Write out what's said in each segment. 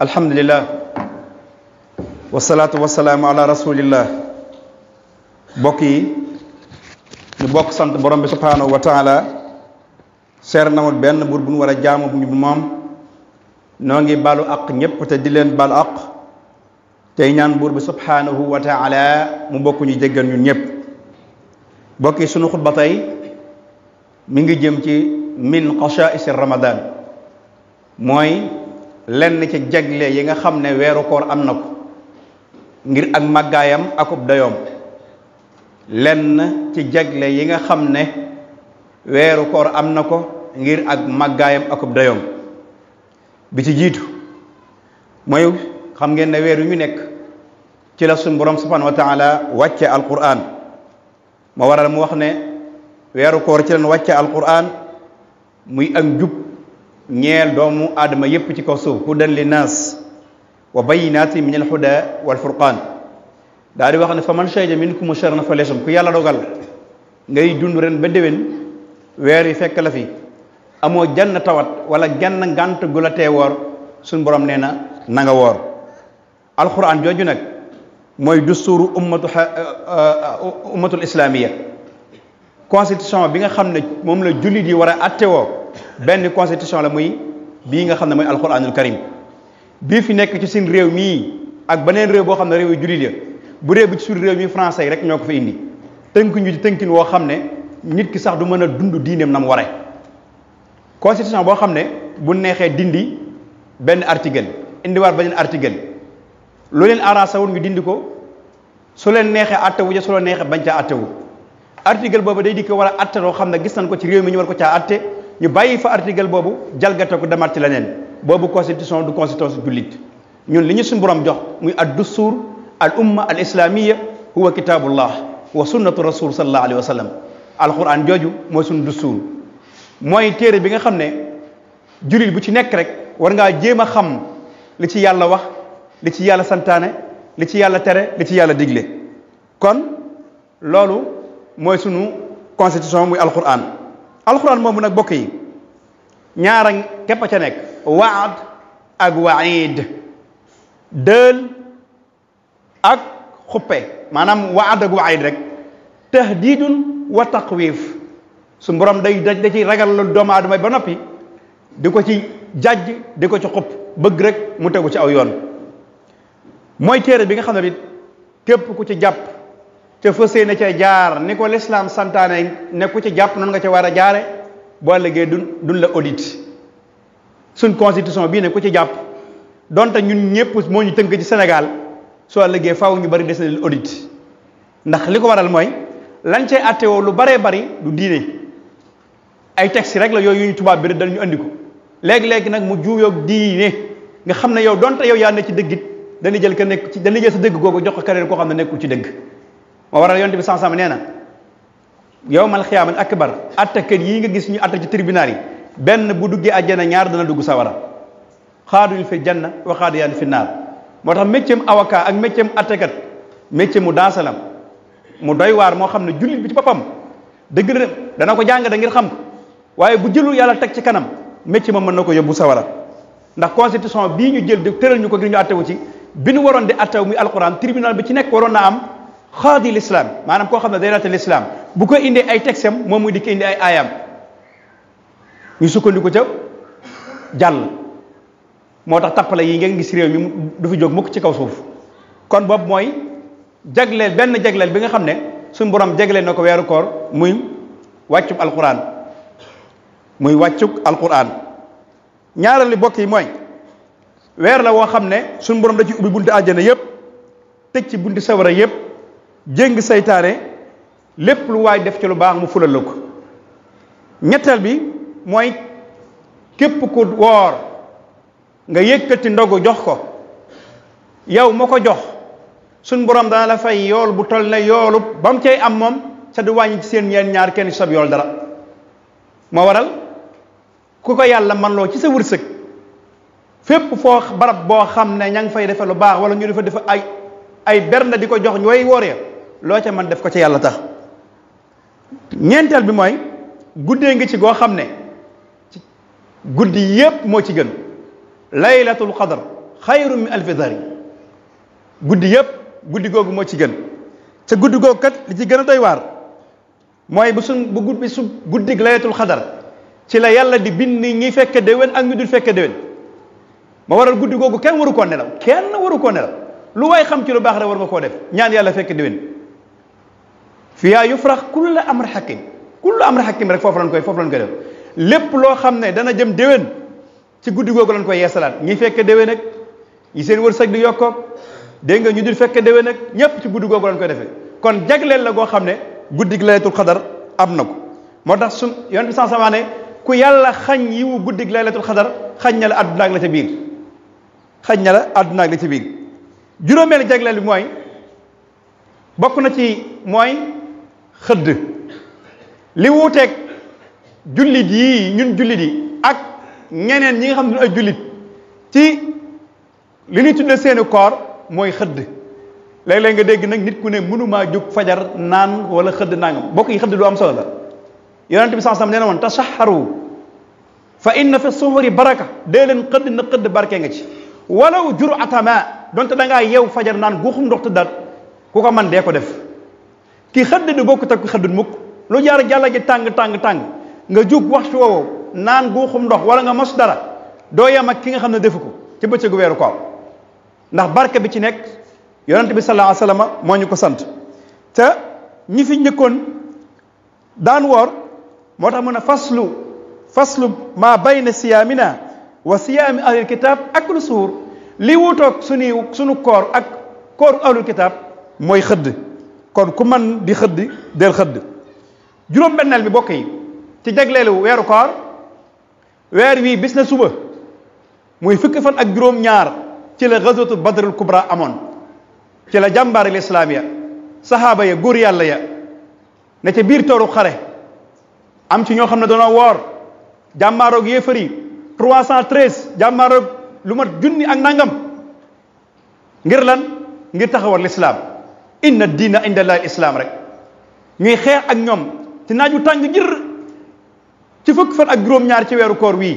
alhamdulilah wasalaatu wasalaamu ala rasulillah bokk yi ñu bokk sant borom bi subhaanahu wa taala seer na mul benn buur bu nu war a jaamu ñu moom noo ngi baalu àq ñépp te di leen baalu àq tey ñaan buur bi subhaanahu wa taala mu bokk ñu jéggal ñun ñépp bokk yi sunu xutba mi ngi jëm ci min xasaisi ramadan mooy lenn ci jagle yi nga xam ne weeru koor am na ko ngir ak màggaayam akub dayoom lenn ci jagle yi nga xam ne weeru koor am na ko ngir ak màggaayam akub dayoom bi ci jiitu mooy xam ngeen ne weer wi ñu nekk ci la suñ borom subhanahu wa taala wàcce alquran moo waral mu wax ne weeru koor ci leen wàcce alquran muy ak njub ñeel doomu aadama yépp ci kaw suuf hudan li nas wa bayinati min huda wal Furqan. daa di wax ne fa man shahida minkum sharna fa lesam ku yàlla dogal ngay dund ren ba déwén weer yi fekk la fi amoo jann tawat wala jann ngant gu la tee woor suñ borom nee na na nga woor alquran jooju nag mooy dusturu ummatu euh, euh, ummatul islamiya constitution bi nga xam ne moom la jullit yi war a attewoo benn constitution la muy bii nga xam ne mooy alxuraanul karim bii fi nekk ci suñ réew mii ak beneen réew boo xam ne réew yu jullit ya bu réew bi ci suñ réew mi français rek ñoo ko fa indi tënk ñu ci tënkin woo xam ne nit ki sax du mën a dund diineem na mu waree boo xam ne bu neexee dindi benn article indiwaat beneen article lu leen arrangé woon ñu dindi ko su leen neexee attewu ja su leen neexee bañ caa attewu article boobu day dikk war a atte loo xam ne gis nañ ko ci réew mi ñu war ko caa atte ñu bàyyi fa article boobu jalgata ko demaat ci leneen boobu constitution du constitution julit ñun li ñu suñu borom jox muy ad dustuur al umma al islamiyya huwa kitabullah wa sunnatu rasul sallallahu alayhi wa sallam qur'an joju mooy sun dustuur moy téré bi nga xamné julit bu ci nekk rek war nga jéma xam li ci yàlla wax li ci yàlla santane li ci yàlla tere li ci yàlla digle kon lolu moy sunu constitution muy alquran alxuraan moomu nag bokk ñaara képp a ca nekk waad ak waid dël ak xuppe maanaam waad ak waid rek tahdidun wa taqwif su borom day da ciy ragal loolu doomu aadama ba noppi di ko ci jajj di ko ci xupp bëgg rek mu tegu ci aw yoon mooy téere bi nga xam ne képp ku ci jàpp te fas yéene ca jaar ni ko lislaam santaane ne ku ci jàpp noonu nga ca war a jaare boo liggéey duñ duñ la audit suñ constitution bii ne ku ci jàpp donte ñun ñëpp moo ñu tënk ci Sénégal soo liggéey faw ñu bari des na leen ndax li ko waral mooy lañ cay woo lu baree bari du diine ay texte rek la yooyu ñu tubaab bi dañu indi ko léegi-léegi nag mu juuyoog diine nga xam ne yow donte yow yaa ne ci dëggit dañuy jël ka nekk ci dañuy jël sa dëgg googu jox ko keneen koo xam ne nekkul ci dëgg moo waral yonte bi sama nee na yowmal xiyaamal akbar attakat yii nga gis ñu atta ci tribunal yi benn bu duggee a àjjana ñaar dana dugg sawara xaaduñ fi janna wa xaadu yaan fi naar moo tax méccam avocat ak méccam attakat méccam mu daasalam mu doy waar moo xam ne jullit bi ci boppam dëgg la dana ko jàng da ngir xam ko waaye bu jëlul yàlla teg ci kanam métier ma mën na ko yóbbu sawara ndax constitution bii ñu jël di tëral ñu ko ngir ñu attewu ci bi nu waroon di attew muy alquran tribunal bi ci nekk waroon na am xaadi lislaam maanaam koo xam ne day laata lislaam bu ko indee ay texam moom muy di ko indi ay aayam ñu sukkandiku ca jàll moo tax tappale yi ngeen gis réew mi du fi jóg mukk ci kaw suuf kon boobu mooy jagleel benn jagleel bi nga xam ne suñ borom jagleel na ko weeru koor muy wàccub alquran muy wàccub alquran ñaareelu bokk yi mooy weer la woo xam ne suñ borom da ci ubbi bunti àjjana yépp tëj ci bunti sawara yépp Jeng seytane lepp lu way def ci lu bax mu fulal lako ñettal bi moy kep ku wor nga ndogu jox ko yaw mako jox sun borom da la fay yool bu tol ne yoolu bam cey am mom sa du wañ ci seen ñeen ñaar kenn sab dara mo waral ku ko yalla man lo ci sa wërsëg fépp fo barab bo xamne ne fay defe lu bax wala ñu defa def ay ay berna diko ko jox ñoy woré ya, lo ca man def ko ca yalla tax ñentel bi moy gudde nga ci go xamne ne guddi yépp moo ci gën laylatul qadr xayru min alf dhari guddi yépp guddi googu mo ci gën ca guddi gog kat li ci gëna doy war moy bu sun bu guddi su guddig laylatul qadr ci la yalla di bind ñi de wen ak ñu dul de wen ma waral guddi googu ken waru ko nelaw ken waru ko nelaw lu way xam ci lu bax war nga ko def ñaan fekk de wen fiyaa yufrax kulla amr xakim kulla amr xakim rek foofu lañ koy foofu lañ koy def lépp loo xam ne dana jëm déwén ci guddi googu lañ koy yeesalaat ñi fekk déwén ak ñi seen wërsëg di yokkoog dégg nga ñu dul fekk déwén ak ñépp ci guddi googu lañ koy defee kon jagleel la goo xam ne guddi gi laylatul xadar am na ko moo tax sun yonent bi sànq ne ku yàlla xañ yiwu guddi gi laylatul xadar xañ na la àdduna ak la ca biir xañ na la àdduna ak la ca biir juróomeelu jagleel bi bokk na ci mooy. xëdd li wuuteeg jullit yi ñun jullit yi ak ñeneen ñi nga xam ne ay jullit ci li ñuy tudde seeni koor mooy xëdd léeg-léeg nga dégg nag nit ku ne mënumaa jóg fajar naan wala xëdd nangam bokk yi xëdd lu am solo la yonente bi sansam nee na woon tasaxaru fa inna fi suhuri baraka dee leen xëdd na xëdd barke nga ci walaw jur atama donte da ngaa yew fajar naan guxum ndox tëddaat ku ko man dee ko def ki xëdd du bokku ak muk. mukk lu jaar jalla ji tang tang tang nga jug waxtu nan naan guuxum ndox wala nga mos dara do yam ak ki nga xamne defuko ci becc gu wéru ko ndax barke bi ci nek yaronte bi sallallahu alayhi wasallam moñu ko sant te ñi fi njëkkoon daan wor motax mu faslu faslu ma bayna siyamina wa siyam ahli kitab ak lu suur li wutok suni suñu koor ak koor ahli kitab moy kon ku man di xëdd del xëdd juróom-benneel bi bokk yi ci jagleelu weeru koor weer wii bis na suba muy fukk fan ak juróom-ñaar ci la gazwatu badrul kubra amoon ci la jàmbaari lislaam ya saxaaba ya góor yàlla ya ne ca biir tooru xare am ci ñoo xam ne doonoo woor jàmmaaroog yéefar yi 313 jàmmaaroog lu mat junni ak nangam ngir lan ngir taxawal lislaam inna diina inda laa islaam rek ñuy xeex ak ñoom ci naaj tàng jër ci fukk fan ak juróom-ñaar ci weeru koor wii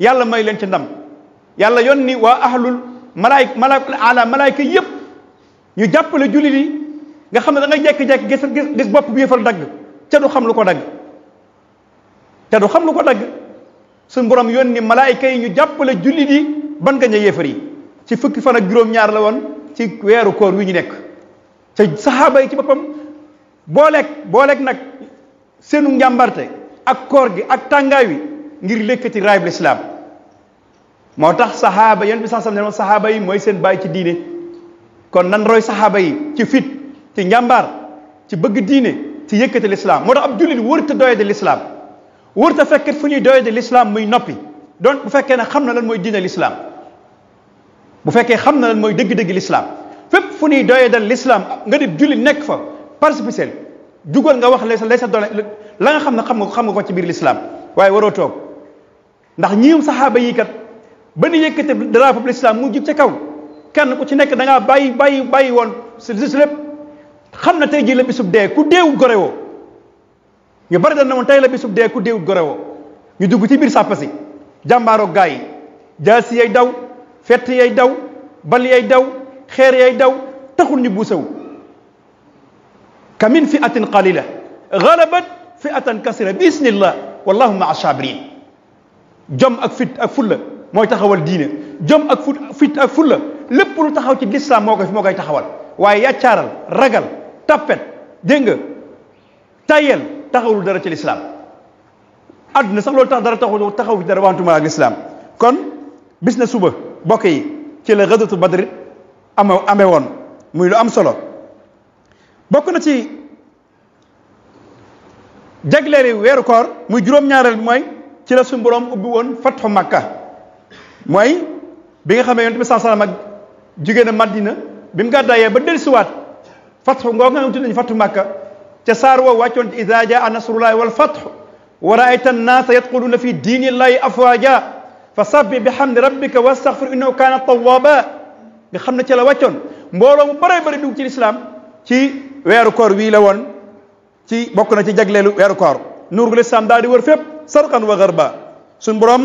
yàlla may leen ci ndam yàlla yoon yónni waa ahlul malaayik malaayikul ala malaayika yëpp ñu jàppale jullit yi nga xam ne da nga jekki-jekki gis gis bopp bi yëfal dagg te du xam lu ko dagg te du xam lu ko dagg suñu yoon yónni malaayika yi ñu jàppale jullit yi ban nga ñu yéefar ci fukki fan ak juróom-ñaar la woon ci weeru koor wi ñu nekk te saxaaba yi ci boppam booleeg booleeg nag seenu njàmbarte ak koor gi ak tàngaay wi ngir lékkati raayub lislaam moo tax saxaaba yonent bi sax sam ne ma yi mooy seen bàyyi ci diine kon nan roy saxaaba yi ci fit ci njàmbaar ci bëgg diine ci yëkkati lislaam moo tax ab jullit wërta doye de lislaam wërta fekkat fu ñuy doye de lislaam muy noppi donc bu fekkee ne xam na lan mooy diine lislaam bu fekkee xam na lan mooy dëgg-dëgg lislaam fep fu ni doye dal l'islam nga di julli nek fa participel jugal nga wax lesa lesa doole la nga xamne xam nga xam nga ko ci bir l'islam waye waro tok ndax ñiim sahaba yi kat ba ni dara fa l'islam mu jub ci kaw kenn ku ci nek da nga bayyi bayyi bayyi won ci si lépp xam na ji le bisub de ku deewu gorewo ñu bari dal na won tay la bisub de ku deewu gorewo ñu dugg ci bir sapasi si jàmbaaroo jasi yay daw fet yay daw bal yay daw خير يا داو تخل نبوسو كمن فئة قليلة غلبت فئة كثيرة بإذن الله والله مع الصابرين جم أكفت أفل ما يتخوى الدين جم أكفت أفل لب لو تخوى في الإسلام موقف موقف يتخوى واي يا شارل رجل تبت دينغ تايل تخوى درجة الإسلام أدنى سلو تخوى تخوى تخوى درجة الإسلام كن بسنا سوبر بوكي كي لغدو تبدرت ama amee muy lu am solo bokk na ci jagleeli weeru koor muy juróom-ñaareel bi ci la suñu borom ubbi won fatxu makka moy bi nga xamé yonent bi saa salaam ak jugee na madina bim ga dayé ba delsi wat fatxu ngo nga tudd nañu fatxu makka ci sar wo wàccoon ci idaa jaa nasrullahi wal fatxu wa raayta annaasa yadxuluuna fi dinillahi afwaja fasabbih bihamdi rabbika wastaghfir innahu kana tawwaba nga xam ne ca la wàccoon mbooloo mu bare bari dugg ci lislaam ci weeru koor wii la woon ci bokk na ci jagleelu weeru koor nuurul islam daal di wër fépp sarqan wa garba suñ borom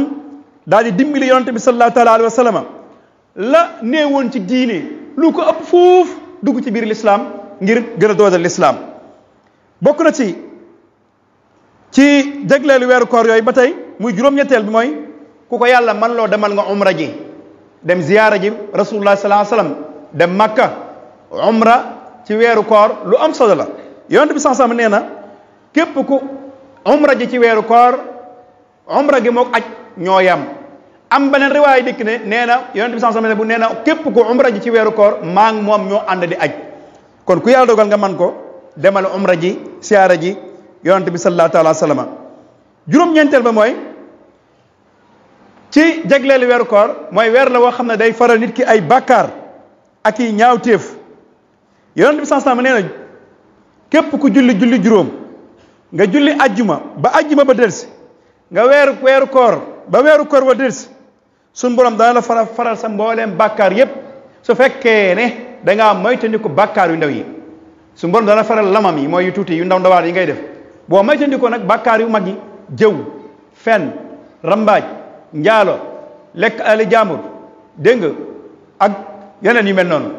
daal di dimbali yonante bi sallallahu taala alayhi wa la nee woon ci diine lu ko ëpp fuuf dugg ci biir lislaam ngir gën a doodal lislaam bokk na ci ci jagleelu weeru koor yooyu ba tey muy juróom-ñetteel mooy ku ko yàlla man loo demal nga umra ji dem ziyaara ji rasulullah sallallahu alayhi wasallam dem makka umra ci weeru koor lu am solo la yonent bi sax sama nee na képp ku umra ji ci weeru koor umra gi mook aj ñoo yam am beneen riwaay dikk ne nee na yonent bi sax sama ne bu nee na képp ku umra ji ci weeru koor maa moom ñoo ànd di aj kon ku yàlla dogal nga man ko demal umra ji siyaara ji yonent bi sallallahu alayhi wasallam juróom-ñeenteel ba mooy ci jagleelu weeru koor mooy weer la woo xam ne day faral nit ki ay bakkaar ak i ñaawteef yonent bi sansam nee na képp ku julli julli juróom nga julli ajjuma ba ajjuma ba delsi nga weeru weeru koor ba weeru koor ba delsi suñ borom dana la faral faral sa mbooleem bàkkaar yépp su fekkee ne danga dangaa moytandiku bakkaar yu ndaw yi suñ dana faral lamam yi mooy yu tuuti yu ndaw ndawaan yi ngay def boo moytandikoo nag bakkaar yu mag yi jëw fenn rambaaj njaalo lekk ale jaamur dégg nga ak yeneen yu mel noonu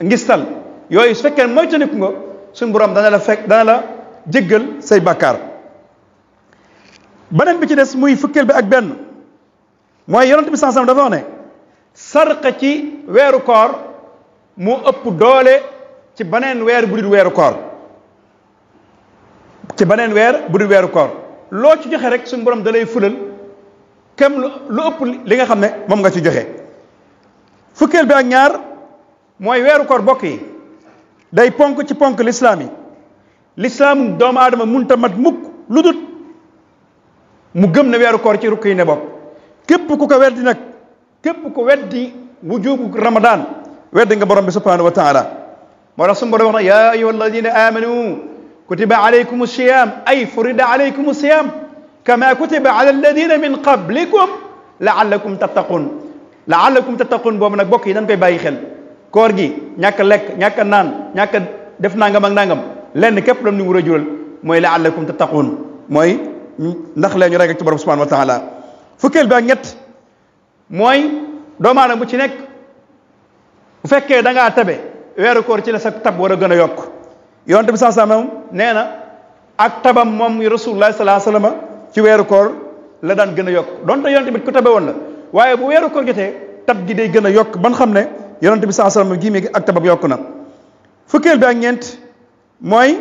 ngistal yooyu su fekkee moytandiku nga suñu borom dana la fekk dana la jéggal say bàkkaar beneen bi ci des muy fukkeel bi ak benn mooy yonent bi sansam dafa wax ne sarqa ci weeru koor mu ëpp doole ci beneen weer bu dul weeru koor ci beneen weer bu dul weeru koor loo ci joxe rek suñ borom da lay fulal kem lu ëpp li nga xam ne moom nga ci joxe fukkeel bi ak ñaar mooy weeru koor bokk yi day ponk ci ponk lislaam yi lislaam doomu aadama munta mat mukk lu dut mu gëm ne weeru koor ci rukk yi ne bokk képp ku ko weddi nag képp ku weddi wujubu ramadaan weddi borom bi subhanahu wa taala moo tax suñu borom wax na yaa ayuha alladina amanu kutiba alaykum siyam ay furida alaykum siyam كما كتب على الذين min qablikum la'allakum tattaqun la'allakum tattaqun boobu nag bokk yi dañ koy bàyyi xel koor gi ñàkk a lekk ñàkk a naan ñàkk a def nangam ak nangam lenn képp lam ni war a jural mooy la'allakum tattaqun mooy ndax lee ñu ragal ci borom subhanahu wa taala fukkeel bi ak ñett mooy doomu aadama bu ci nekk bu fekkee da ngaa tabe weeru koor ci la sa tab war a gën a yokk yonte bi saa saa nee na ak tabam moom rasulullah salaa salama ci weeru koor la daan gën a yokk donte yonent bi ku tabe woon la waaye bu weeru koor jotee tab gi day gën a yokk ban xam ne yonent bi saa sallam gii mi ak tabab yokk na fukkeel bi ak ñeent mooy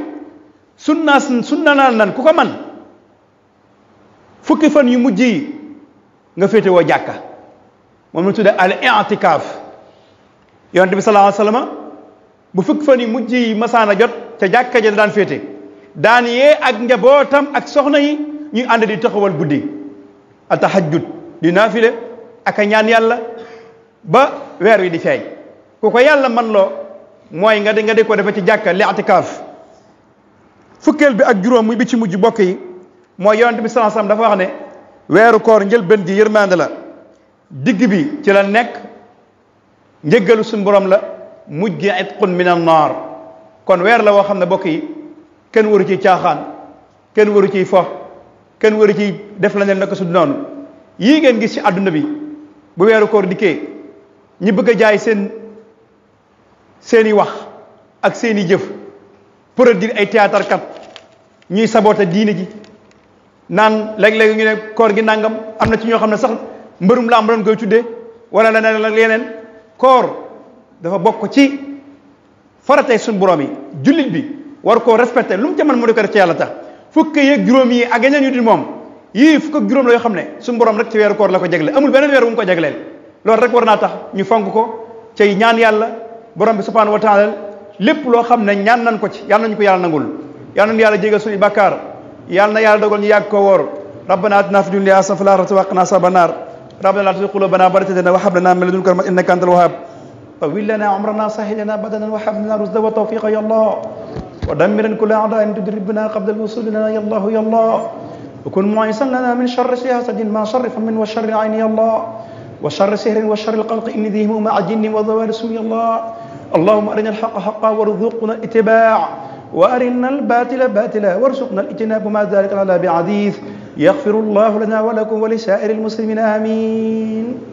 sunnaa sunnaanal nan ku ko man fukki fan yu mujj yi nga féete woo jàkka moom la tuddee al i'tikaaf yonent bi sallallahu alayhi wa sallam bu fukki fan yu mujj yi masaana jot ca jàkka ja daan féete daan yee ak njabootam ak soxna yi ñuy ànd di taxawal guddi a tahajjud di naafile ak a ñaan yàlla ba weer wi di feeñ ku ko yàlla man loo mooy nga di nga di ko defe ci jàkka li atikaaf fukkeel bi ak juróom muy bi ci mujj bokk yi mooy yonent bi sallallahu alayhi wasallam dafa wax ne weeru koor njëlbéen gi yërmande la digg bi ci la nekk njëggalu suñu borom la mujj gi itqun mi an-naar kon weer la woo xam ne bokk yi kenn waru ciy caaxaan kenn waru ciy fo kenn waru ci def la ne naka su noonu yii ngeen gis ci àdduna bi bu weeru koor dikkee ñi bëgg a jaay seen seeni wax ak seeni jëf produire ay théâtre kat ñuy saboote diine ji naan léeg-léeg ñu ne koor gi nangam am na ci ñoo xam ne sax mbërum làmb doon koy tuddee wala leneen ak yeneen koor dafa bokk ci faratay suñu borom yi jullit bi war koo respecté lu mu ca mën mu di ko def ci yàlla tax fukk yeeg juróom yi ak yeneen yu dul moom yii fukk ak juróom la yoo xam ne suñu borom rek ci weeru koor la ko jagle amul beneen weer bu mu ko jagleel loolu rek war naa tax ñu fonk ko cay ñaan yàlla borom bi subhanahu wa taala lépp loo xam ne ñaan nan ko ci yàlla nañu ko yàlla nangul yàlla nañu yàlla jégal suñu bàkkaar yàlla na yàlla dogal ñu yàgg ko woor ربنا اتنا في الدنيا حسنه وفي الاخره وقنا عذاب النار ربنا لا تزغ قلوبنا بعد إذ هديتنا وهب لنا من لدنك رحمه انك انت الوهاب طول لنا عمرنا سهل لنا بدنا وهب لنا رشدا وتوفيقا يا الله ودمر كل أعداء تدربنا قبل الوصول لنا يا الله يا الله وكن معيسا لنا من شر سياسة ما شرف من وشر عين يا الله وشر سهر وشر القلق إن ذي هموم عجن وضوارس يا الله اللهم أرنا الحق حقا وارزقنا الاتباع وأرنا الباطل باطلا وارزقنا الاجتناب ما ذلك على بعديث يغفر الله لنا ولكم ولسائر المسلمين آمين